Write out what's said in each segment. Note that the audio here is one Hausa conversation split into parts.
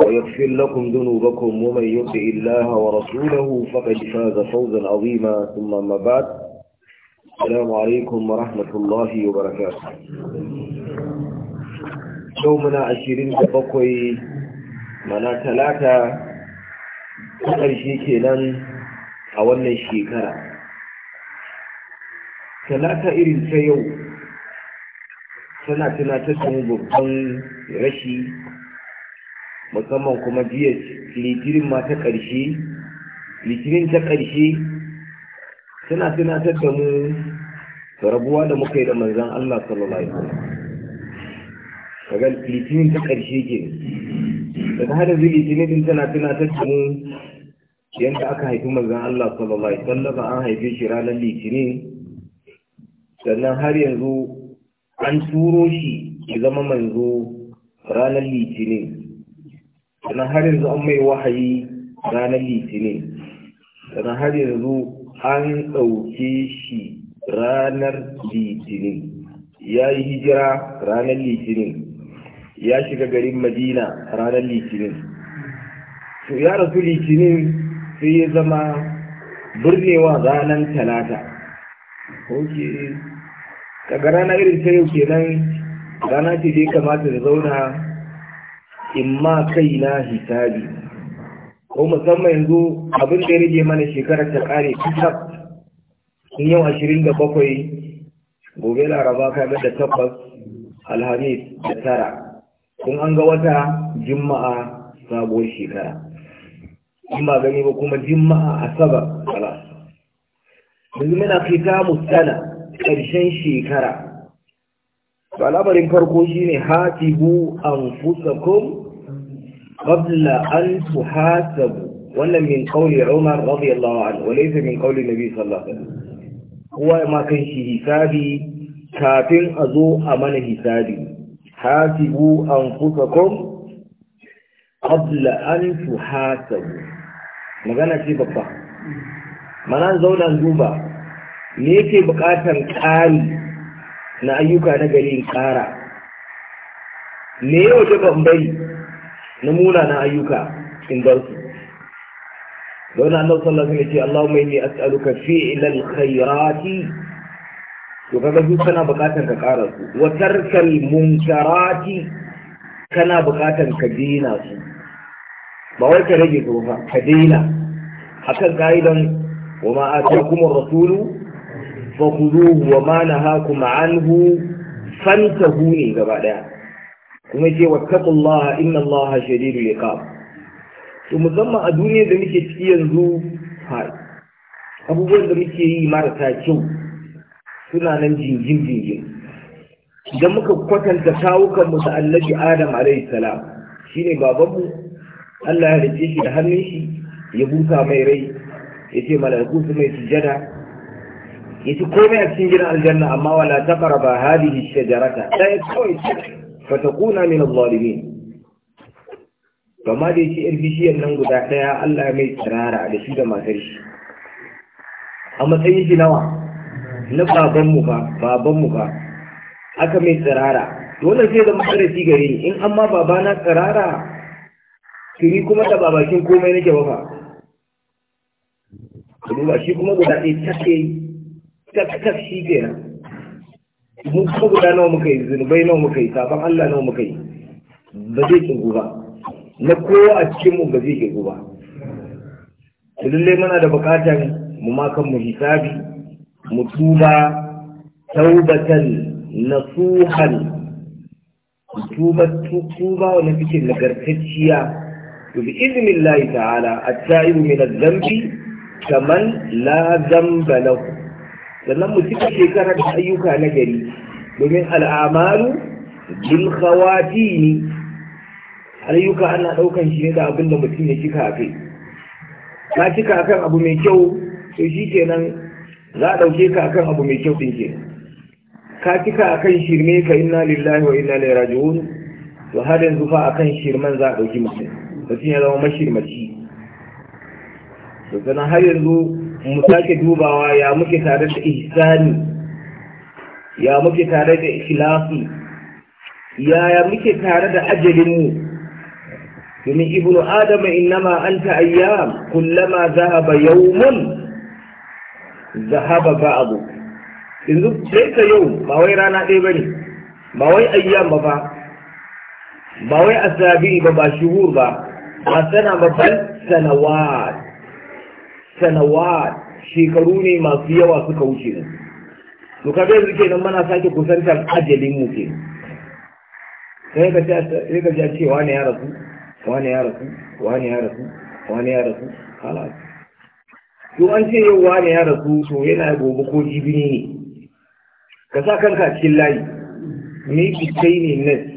ويغفر لكم ذنوبكم ومن يطع الله ورسوله فقد فاز فوزا عظيما ثم أما بعد السلام عليكم ورحمة الله وبركاته يومنا عشرين تبقي منا ثلاثة ƙarshe kenan a wannan shekara talata irin ta yau tana tunatar da mu babban rashi musamman kuma jiyar litinin ma ta ƙarshe litinin ta ƙarshe suna tunatar da mu rabuwa da muka yi da manzan Allah sallallahu alaihi wasallam kaga litinin ta ƙarshe ke daga hada zai litinin din tana tunatar da mu yadda aka haifi manzan Allah sallallahu alaihi wasallam an haife shi ranar litinin sannan har yanzu an turo shi ya zama manzo ranar litinin sannan har yanzu an mai wahayi ranar litinin sannan har yanzu an ɗauke shi ranar litinin ya yi hijira ranar litinin ya shiga garin madina ranar litinin to ya rasu litinin sai ya zama birnewa ranar talata oke daga ranar irin ta yau kenan rana ce dai kamata da zauna in ma kai na hisabi ko musamman yanzu abin da ya rage mana shekarar ta kare kusa sun yau ashirin da bakwai gobe laraba kaga da tabbas alhamis da tara kun an ga wata juma'a sabuwar shekara in ba gani ba kuma a asabar kala yanzu mana fita musana ƙarshen shekara ba labarin farko shine hatibu kuma قبل أن wannan min kauli umar radiyallahu anhu wa laysa min kauli nabi sallallahu alaihi wasallam hisabi kafin a zo a mana hisabi hasibu anfusakum qabla an tuhasabu magana ce babba mana zauna duba me yake bukatar kari na ayyuka na gari in kara me yau da ban na munanan ayyuka in bar su don annabi sallallahu alaihi ya ce Allahumma inni as'aluka fi'lal khairati to kaga duk kana bukatan ka kara su wa tarkal munkarati kana bukatar ka dina su ba wai ka rage su ba ka dina akan ka'idan wa ma atakum ar-rasulu fa khudhuhu wa ma nahakum anhu fantahu ne gaba daya kuma ce wattaqullaha inna allaha shadidul iqab to musamman a duniya da muke ciki yanzu abubuwan da muke yi marasa kyau suna nan jingin jingin idan muka kwatanta kawukan mu da annabi adam alayhi salam shine babanmu Allah ya rike shi da hannun shi ya busa mai rai ya ce mala'iku su mai sujada ya ci komai a cikin gidan aljanna amma wala taqraba hadhihi shajarata sai kawai fatakuna min al-zalimin kama da yake yar bishiyar nan guda ɗaya Allah mai tsirara da shi da matar shi a matsayin shi nawa na babanmu ba babanmu ba aka mai tsirara dole sai zama shi gare ni in amma babana tsirara tuni kuma da babakin komai nake wafa ka duba shi kuma guda ɗaya take take tak tak shi kenan mu kuma guda nawa muka yi zunubai nawa muka yi sabon Allah nawa muka yi ba zai kingu ba na kowa a cikin mu ba zai kingu ba lallai muna da bukatar mu ma kan mu hisabi mu tuba taubatan nasuhan tuba tuba wani cikin nagartacciya bi iznillahi ta'ala at-ta'ibu min adh-dhanbi kaman la dhanba lahu sannan mu cika shekarar da ayyuka na gari domin al'amalu bil khawatini ayyuka ana daukan shi ne da abin da mutum ya cika kai ka cika akan abu mai kyau to shi kenan za a dauke ka akan abu mai kyau din ka cika akan shirme ka inna lillahi wa inna ilaihi raji'un to har yanzu fa akan shirman za a dauki mutum mutum ya zama mashirmaci to sanan har yanzu mu sake dubawa ya muke tare da ihsani ya muke tare da ikhlasi ya muke tare da ajalinmu domin ibnu adama innama anta ayyam kullama zahaba yawmun zahaba ba'du yanzu sai ka yau ba wai rana ɗaya bane ba wai ayyam ba ba ba wai asabi ba ba shuhur ba ba sana ba bal sanawat sanawa shekaru ne masu yawa suka wuce ne su to kaga yanzu kenan muna sake kusantar ajalin mu ke sai ka sai ka ja cewa ne ya rasu wani ya rasu wani ya rasu wani ya rasu halas to an ce yau wani ya rasu to yana gobe ko jibini ne ka sa kanka cikin layi ni kai ne nas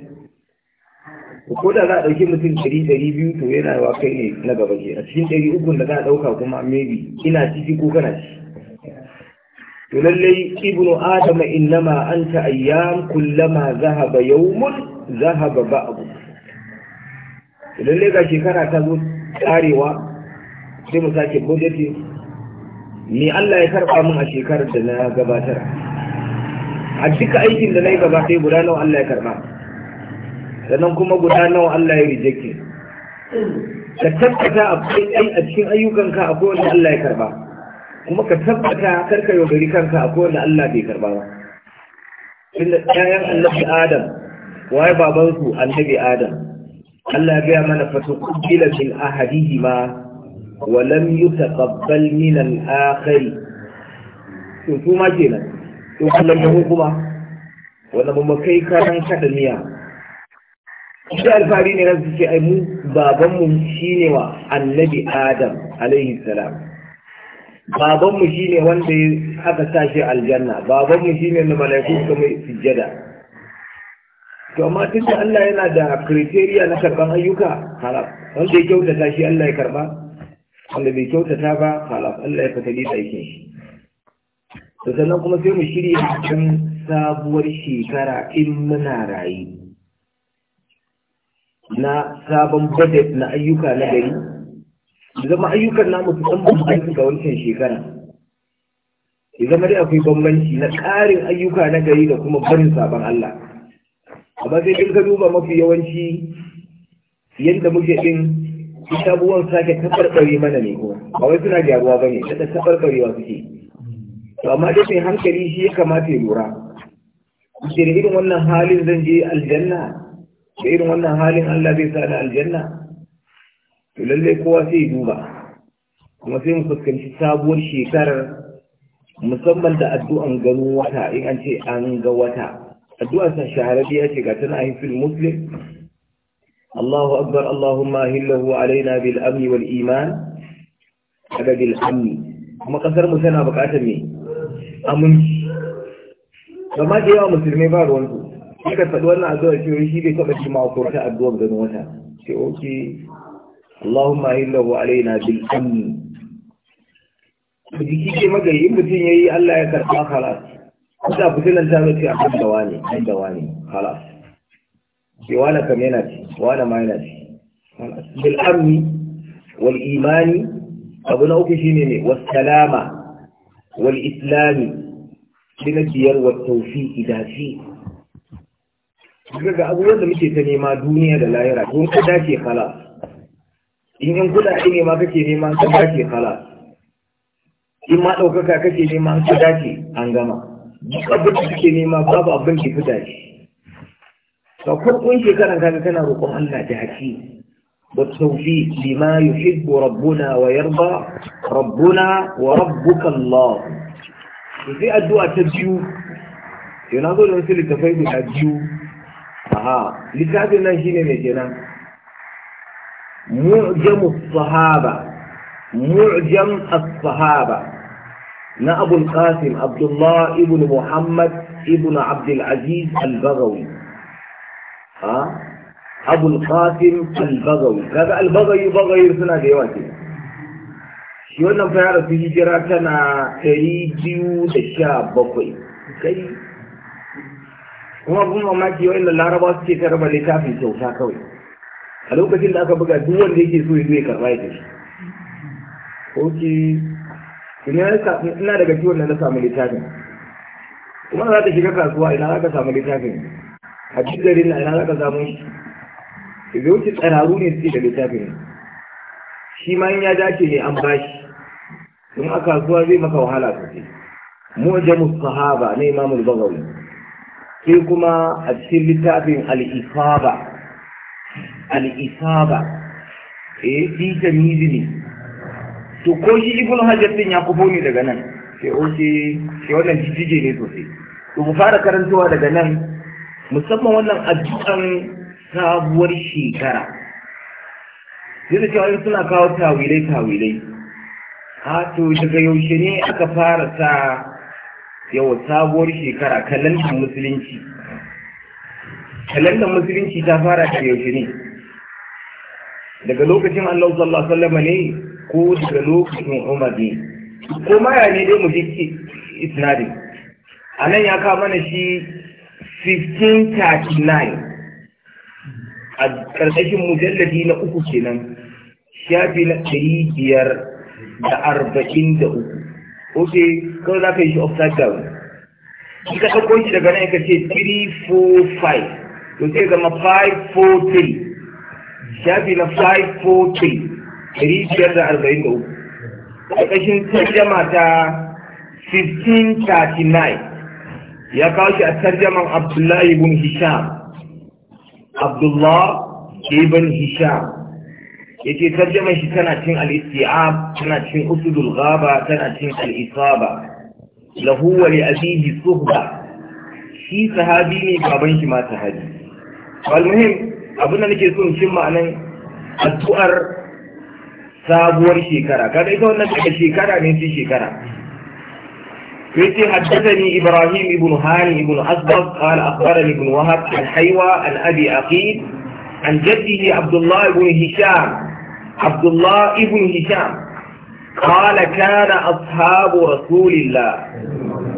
ko da za a ɗauki mutum ɗari ɗari biyu to yana yawa kai ne na gaba ke a cikin ɗari uku da za a ɗauka kuma maybe ina ciki ko kana ci to lallai ibnu adama innama anta ayyam kullama zahaba yawmun zahaba ba'du to lallai ga shekara ta zo tsarewa sai mu sake budgeting me Allah ya karba mun a shekarar da na gabatar a duka aikin da na yi gaba ɗaya guda nawa Allah ya karba sannan kuma guda nawa Allah ya rejectin ka tabbata akwai ai a cikin ayyukanka akwai wanda Allah ya karba kuma ka tabbata karka yaudari kanka akwai wanda Allah bai karba ba tunda ƴaƴan annabi Adam waye baban su annabi Adam Allah ya ga mana fatu kubila min ahadihima wa lam yutaqabbal min al-akhir to kuma kenan to kullum da hukuma wannan mun kai karan kada miya shi alfahari ne nan suke ai mu babanmu shine wa annabi adam alaihi salam babanmu shine wanda aka sa shi aljanna babanmu shine na malaiku suka mai sujjada to amma tun Allah yana da criteria na karban ayyuka halaf wanda ya kyautata shi Allah ya karba wanda bai kyautata ba halaf Allah ya fatali da aikin shi to sannan kuma sai mu shirya kan sabuwar shekara in muna rayu na sabon budget na ayyuka na gari zama ayyukan namu su san bambanci ga wancan shekara ya zama dai akwai bambanci na ƙarin ayyuka na gari da kuma barin sabon Allah amma sai kin ka duba mafi yawanci yadda muke din abubuwan sake taɓarɓare mana ne ko ba wai suna gyaruwa ba ne da taɓarɓarewa suke to amma dai sai hankali shi ya kamata ya lura da irin wannan halin zan je aljanna da irin wannan halin Allah zai sa da aljanna to lalle kowa sai ya duba kuma sai mu fuskanci sabuwar shekarar musamman da addu'an ganin wata in an ce an ga wata addu'ar sa shahararriya ce ga tana hifil muslim Allahu akbar Allahumma hillahu alaina bil amni wal iman kada bil amni kuma kasar mu tana bukatar me aminci kamar da yawa musulmai ba ruwansu ka faɗi wannan addu'ar cewa shi bai taɓa shi ma ta addu'ar ganin wata ce oke Allahumma illahu alaina bil amni jiki ce magari in mutum ya yi Allah ya karɓa halas kusa fitilan ta zace a kan dawa ne kan dawa ne halas ce wani kam yana ci wani ma yana ci bil amni wal imani abu na uku shine ne was salama wal islami shi na biyar wa tawfiqi da ga abubuwan da muke ta nema duniya da layira don ka dace kala in yin kuɗaɗe ne ma kake nema ka dace kala in ma ɗaukaka kake nema ka dace an gama duk abin da kake nema babu abin da fi dace ka kurkun shekaran kaga kana roƙon Allah da haƙi والتوفيق لما يحب ربنا ويرضى addu'a ta biyu yana zo da wasu littafai لتفيد biyu? aha littafin nan shine mai kenan mu'jamu sahaba mu'jam as-sahaba na abul qasim abdullah ibn muhammad ibn abd al-aziz al-baghawi ha abul qasim al-baghawi kaga al-baghawi baghayir suna da yawa kenan shi wannan fa ya rasu hijira tana ɗari biyu da sha bakwai kai kuma ma mamaki wa'in da laraba suke karɓar littafin kyauta kawai a lokacin da aka buga duk wanda yake so ya zo ya karɓa ya tafi ok ina daga ciwon da na samu littafin kuma za ta shiga kasuwa ina za ka samu littafin a duk na, ina za ka samu shi idan wuce tsararru ne suke da littafin shi ma in ya dace ne an bashi kuma a kasuwa zai maka wahala sosai mu jamus sahaba na imamul bagawi sai kuma a cikin littafin al'ifaba al'ifaba eh fi tamizi ne to ko shi ibn hajar din ya kufo ne daga nan sai oke oh, sai wannan jijjige ne sosai to mu fara karantawa daga nan musamman wannan addu'an sabuwar shekara da cewa suna kawo tawilai tawilai a ah, to daga yaushe ne aka fara sa yau sabuwar shekara kalandar musulunci kalandar musulunci ta fara da yaushe ne daga lokacin Allah sallallahu alaihi wasallam ne ko daga lokacin Umar ne ko ma ya ne dai mu ji isnadin anan ya kawo mana shi 1539 a ƙarƙashin mujallabi na uku kenan shafi na ɗari biyar da arba'in da uku ok kawai za ka yi shi upside down in ka ɗauko shi daga nan ka ce 345 to sai zama 543 shafi na 543 ɗari biyar da arba'in da uku ƙarƙashin tarjama ta 1539 ya kawo shi a tarjaman abdullahi ibn hisham Abdullahi ibn hisham yace tarjuma shi tana cin al-isti'ab tana cin usudul ghaba tana cin al-isaba lahu wa li abihi suhba shi sahabi ne baban shi ma sahabi wal muhim abin da nake so in cin ma'anan addu'ar sabuwar shekara kada ita wannan daga shekara ne sai shekara yace haddathani ibrahim ibn hani ibn asbab qala akhbarani ibn wahab an haywa an abi aqid an jaddihi abdullah ibn hisham عبد الله بن هشام قال كان أصحاب رسول الله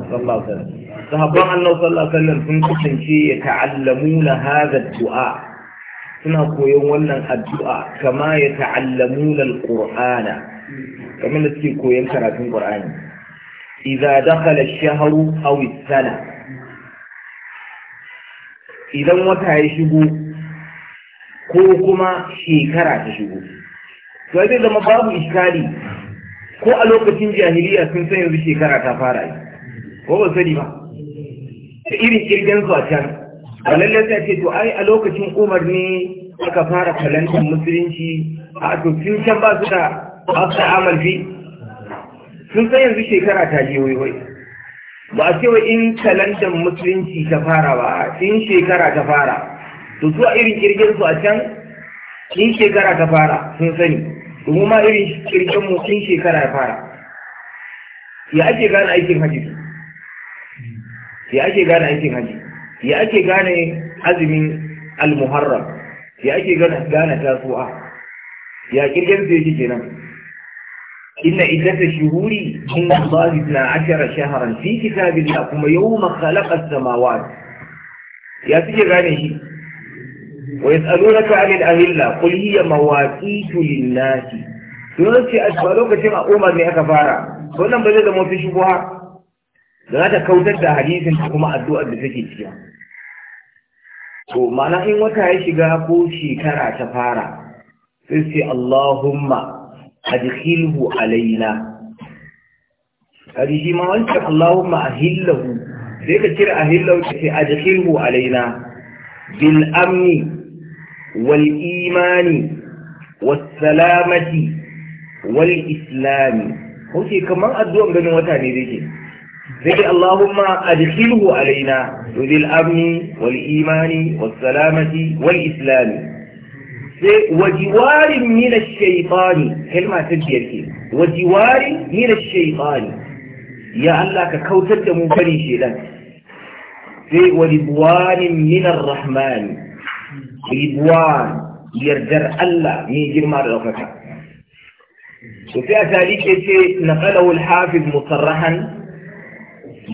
صلى الله عليه وسلم صحابة أنه صلى الله عليه وسلم كنت شيء يتعلمون هذا الدعاء سنقو يولا الدعاء كما يتعلمون القرآن كما نسيكو ينكر في القرآن إذا دخل الشهر أو السنة إذا متى يشبو ko kuma shekara ta shigo to zai zama babu iskali ko a lokacin jahiliya sun san yanzu shekara ta fara yi ko ba sani ba ta irin kirgin su a can a lallai sai ce to ai a lokacin umar ne aka fara kalantar musulunci a to sun can ba su da ba su amalfi sun san yanzu shekara ta je waiwai ba a cewa in kalantar musulunci ta fara ba in shekara ta fara to su a irin kirgin su a can in shekara ta fara sun sani mu ma irin kirkin mu tun shekara fara ya ake gane aikin haji ya ake gane aikin haji ya ake gane azumin almuharram ya ake gane tasowa ya kirgin zai yake nan inna iddata shuhuri in zazi na ashara shaharan fi kitabin kuma yau makhalaka samawa ya suke gane shi ويسألونك عن الأهلة قل هي مواقيت للناس yawanci a lokacin a umar ne aka fara wannan ba zai zama wata shubuha da za ta kautar da hadisin da kuma addu'ar da take ciki to ma'ana in wata ya shiga ko shekara ta fara sai sai Allahumma alaina ma wancan sai ka kira ahillahu sai alaina bil amni والإيمان والسلامة wal'islami. kuke kamar addu'an ganin wata ne zai zai Allahumma adkhilhu alaina bil amni wal imani was salamati wal islami sai wajiwarin min ash-shaytani kalma ta biyar ke wajiwarin min ash-shaytani ya Allah ka kautar da mu bari shedan sai wajiwarin min ar-rahmani ribuwan yardar Allah mai girma da ɗaukaka الحافظ مصرحا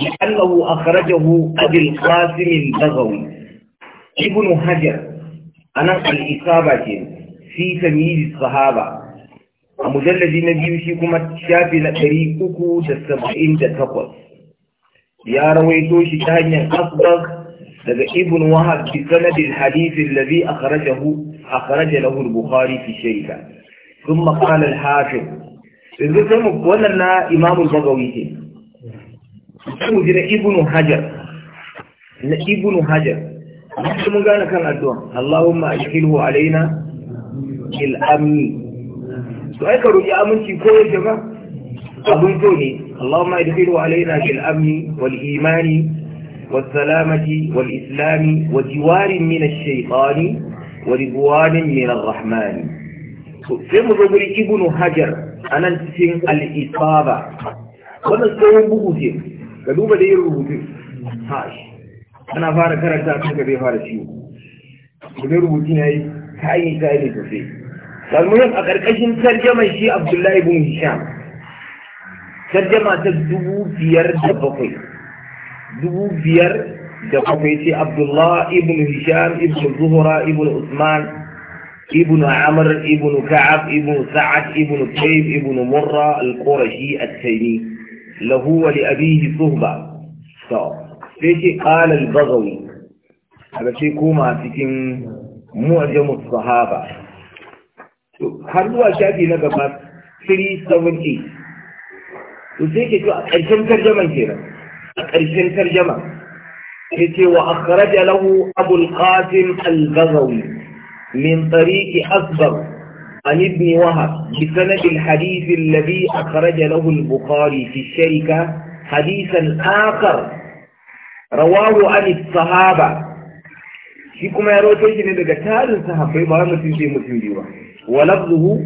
لأنه أخرجه أبي القاسم البغوي ابن حجر أنا الإصابة في تمييز الصحابة مجلد نبي فيكم شافي لأريكك تسبعين تتقص يا رويتوش تهنيا أصدق daga ibn wahab bi sanadil hadith alladhi akhrajahu akhraja lahu al-bukhari fi shayka thumma qala al-hafiz yanzu sai mu wannan na imam al-bagawi ne mu jira na ibn hajar na ibn hajar sai mun gane kan addu'a Allahumma ashkilhu alaina bil amni to ai ka roki aminci ko yake ba abun so ne Allahumma adkhilhu alaina bil amni wal imani والسلامة والإسلام وجوار من الشيطان ورضوان من الرحمن سيم زبر ابن حجر أنا سين الإصابة wannan tsohon bugu ce ka duba da yin rubutu hash ana fara karanta a cikin zai fara ciwo kudin rubutu na yi kayan kayan sosai salmunan a ƙarƙashin tarjaman shi abdullahi bin hisham tarjama ta dubu biyar da bakwai دوبير دكوفيتي عبد الله ابن هشام ابن الزهرة ابن عثمان ابن عمر ابن كعب ابن سعد ابن كيب ابن مرة القرشي التيمي له ولأبيه صهبة فيشي قال البغوي هذا شيء كوما تكين معجم الصحابة هردوا شاكي نقبات 378 وزيكي شو ترجمة كيرا a ƙarshen tarjama ya ce wa akharaja lahu Abulkasim, qasim al min tariqi asbar an ibn wahab bi sanad al hadith alladhi akharaja lahu al bukhari fi sharika hadithan rawahu an al sahaba shi kuma ya rawaito shi ne daga tarin sahabbai ba mu tinje mu tinje ba walabhu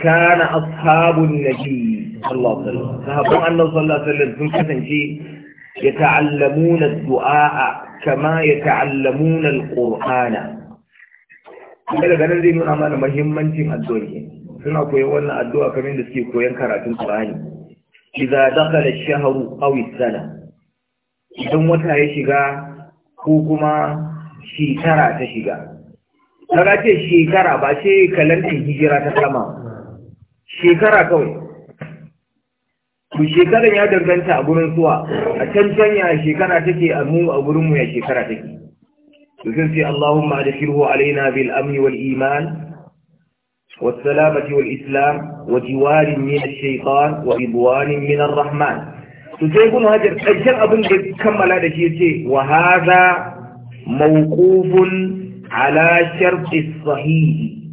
kana ashabun nabi sallallahu alaihi wasallam sahabban annabi sun kasance يتعلمون الدعاء كما يتعلمون القرآن daga ganin zai nuna mana mahimmancin addu'o'i suna koyon wannan addu'a kamar da suke koyon karatun Qur'ani idza dakhala ash-shahru aw as-sana idan wata ya shiga ko kuma shekara ta shiga kaga ce shekara ba ce kalandar hijira ta kama shekara kawai to ya danganta a gurin suwa a can can ya shekara take a mu a gurin mu ya shekara take to sai sai Allahumma adkhilhu alaina bil amni iman wal salamati wal islam wa jiwari min ash shaytan wa ibwan rahman to sai kun hajar ɗancen abin da kammala da shi yace wa hadha mawqufun ala shart as sahih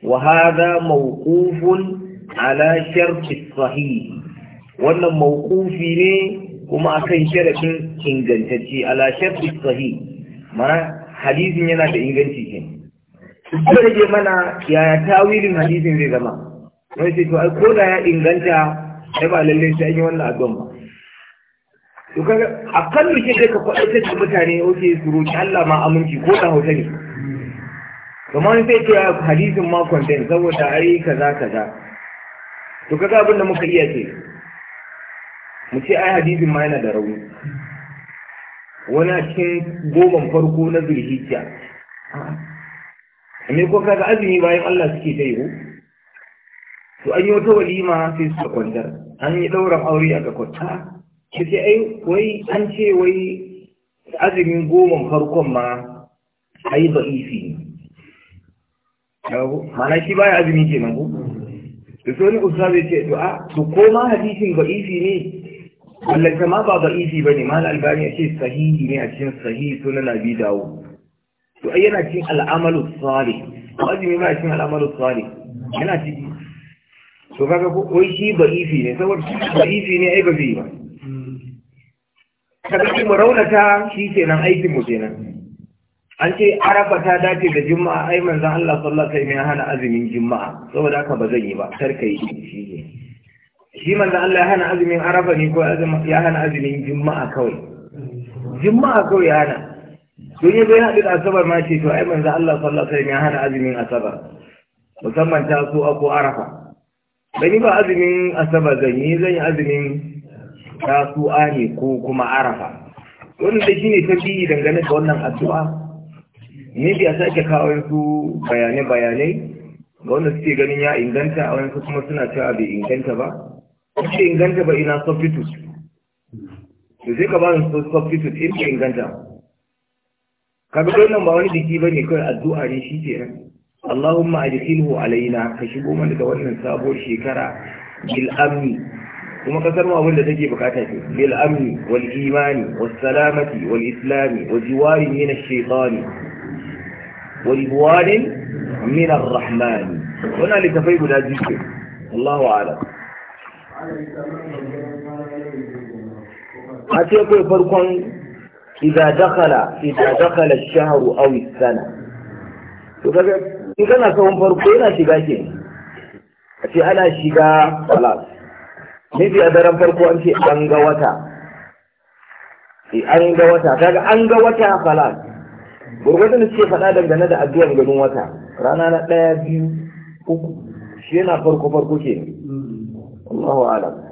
wa hadha wannan mawkufi ne kuma akan sharafin ingantacce ala sharfi sahi mana hadisin yana da inganci ke su rage mana yaya tawilin hadisin zai zama wani sai tuwa ko da ya inganta ya ba lalle sai an yi wannan abin ba A kaga akallu kai ka faɗa ta mutane oke su roƙi Allah ma aminci ko da hausa ne kamar sai ce hadisin ma content saboda ai kaza kaza to kaga abin da muka iya ce mu ce ai hadisin ma yana da rauni wani a cikin goban farko na zulhijja ne ko kaga azumi bayan Allah suke ta yiwu to an yi wata walima sai suka kwantar an yi ɗauran aure a kwata ki ce ai wai an ce wai azumin goman farkon ma ai ba'ifi mana shi baya azumi kenan ko to sai wani usta zai ce to a to ko ma hadisin ba'ifi ne ta ma ba isi ba ne mahal albani ya ce sahihi ne a cikin sahihi sunan bi dawo to ai yana cikin al'amalu salih azumi mai cikin al'amalu tsari yana ciki to kaga ko wai shi isi ne saboda isi ne ai ba zai ba kaga mu raunata shi kenan aikin mu kenan an ce arafa ta dace da juma'a ai manzon Allah sallallahu alaihi sallam ya hana azumin juma'a saboda haka ba zan yi ba kar shi ne shi manzo Allah ya hana azumin arafa ne ko ya hana azumin juma'a kawai juma'a kawai ya hana don ya bai haɗu da asabar ma ce to ai manzo Allah sallallahu alaihi wasallam ya hana azumin asabar musamman ta so ko arafa bani ba azumin asabar zan yi zan yi azumin tasu'a ne ko kuma arafa wannan da shine tabi'i dangane da wannan addu'a ne bi a sake kawo su bayane-bayanai ga wanda suke ganin ya inganta a wani kuma suna cewa bai inganta ba bai inganta ba ina substitute to zai ka ba ni substitute in ka inganta ka ga wannan ba wani biki bane kawai addu'a ne shi ke Allahumma adkhilhu alaina ka shigo mana da wannan sabuwar shekara bil amni kuma kasar mu abin da take bukata ce bil amni wal imani was salamati wal islami wa jiwari min ash-shaytani wa ribwanin min ar-rahman litafai guda biyu Allahu a'lam a ce kai farkon idan dakala idan dakala shaharu aw sana to kaga in kana sahun farko yana shiga ke a ce ana shiga salat ne a daren farko an ce an ga wata e, an ga wata kaga an ga wata salat gurgurdun da ce fada dangane da addu'an ganin wata rana na ɗaya biyu uku shi yana farko farko ke ne Allahu alam